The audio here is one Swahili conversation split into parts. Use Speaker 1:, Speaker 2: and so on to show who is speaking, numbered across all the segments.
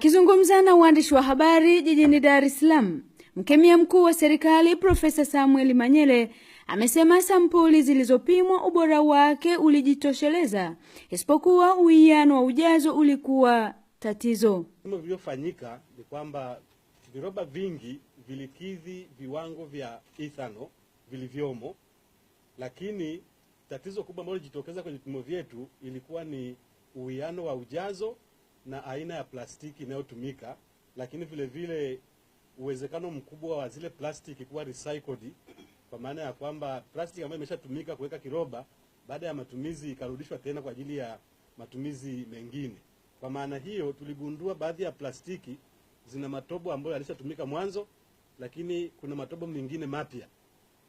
Speaker 1: Akizungumza na waandishi wa habari jijini Dar es Salaam, mkemia mkuu wa serikali Profesa Samuel Manyele amesema sampuli zilizopimwa ubora wake ulijitosheleza, isipokuwa uwiano wa ujazo ulikuwa tatizo.
Speaker 2: Vipimo vilivyofanyika ni kwamba viroba vingi vilikidhi viwango vya ithano vilivyomo, lakini tatizo kubwa ambalo lilijitokeza kwenye vipimo vyetu ilikuwa ni uwiano wa ujazo na aina ya plastiki inayotumika, lakini vile vile uwezekano mkubwa wa zile plastiki kuwa recycled, kwa maana ya kwamba plastiki ambayo imeshatumika kuweka kiroba, baada ya matumizi ikarudishwa tena kwa ajili ya matumizi mengine. Kwa maana hiyo, tuligundua baadhi ya plastiki zina matobo ambayo yalishatumika mwanzo, lakini kuna matobo mengine mapya.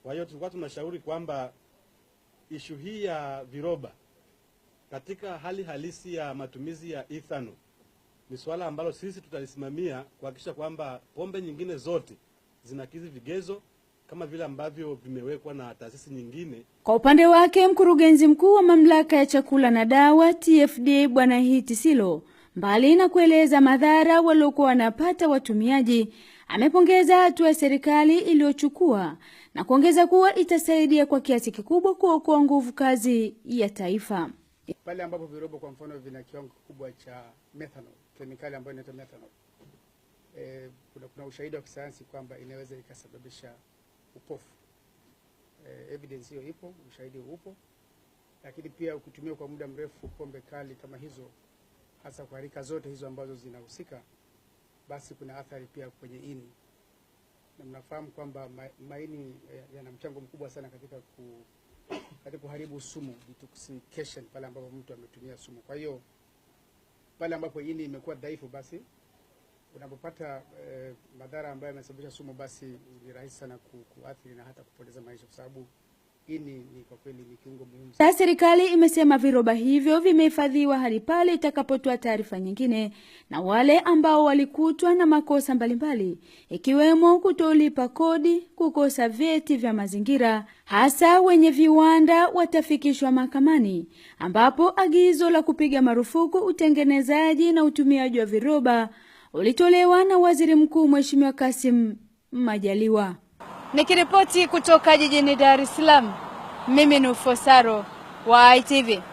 Speaker 2: Kwa hiyo tulikuwa tunashauri kwamba ishu hii ya viroba katika hali halisi ya matumizi ya ethanol ni swala ambalo sisi tutalisimamia kuhakikisha kwamba pombe nyingine zote zinakidhi vigezo kama vile ambavyo vimewekwa na taasisi nyingine.
Speaker 1: Kwa upande wake, mkurugenzi mkuu wa mamlaka ya chakula na dawa TFDA Bwana Hiti Silo, mbali na kueleza madhara waliokuwa wanapata watumiaji, amepongeza hatua ya serikali iliyochukua na kuongeza kuwa itasaidia kwa kiasi kikubwa kuokoa nguvu kazi ya taifa.
Speaker 2: Pale ambapo virobo kwa mfano vina kiwango kikubwa cha methanol, kemikali ambayo inaitwa methanol, e, kuna, kuna ushahidi wa kisayansi kwamba inaweza ikasababisha upofu. E, evidence hiyo ipo, ushahidi upo, lakini pia ukitumia kwa muda mrefu pombe kali kama hizo, hasa kwa rika zote hizo ambazo zinahusika, basi kuna athari pia kwenye ini na mnafahamu kwamba maini eh, yana mchango mkubwa sana katika ku hata kuharibu sumu, detoxification, pale ambapo mtu ametumia sumu. Kwa hiyo pale ambapo ini imekuwa dhaifu, basi unapopata eh, madhara ambayo yamesababisha sumu, basi ni rahisi sana kuathiri na hata kupoteza maisha kwa sababu
Speaker 1: na serikali imesema viroba hivyo vimehifadhiwa hadi pale itakapotoa taarifa nyingine, na wale ambao walikutwa na makosa mbalimbali ikiwemo kutolipa kodi, kukosa vyeti vya mazingira, hasa wenye viwanda watafikishwa mahakamani, ambapo agizo la kupiga marufuku utengenezaji na utumiaji wa viroba ulitolewa na Waziri Mkuu Mheshimiwa Kassim Majaliwa. Nikiripoti kutoka jijini Dar es Salaam, mimi ni Ufosaro wa ITV.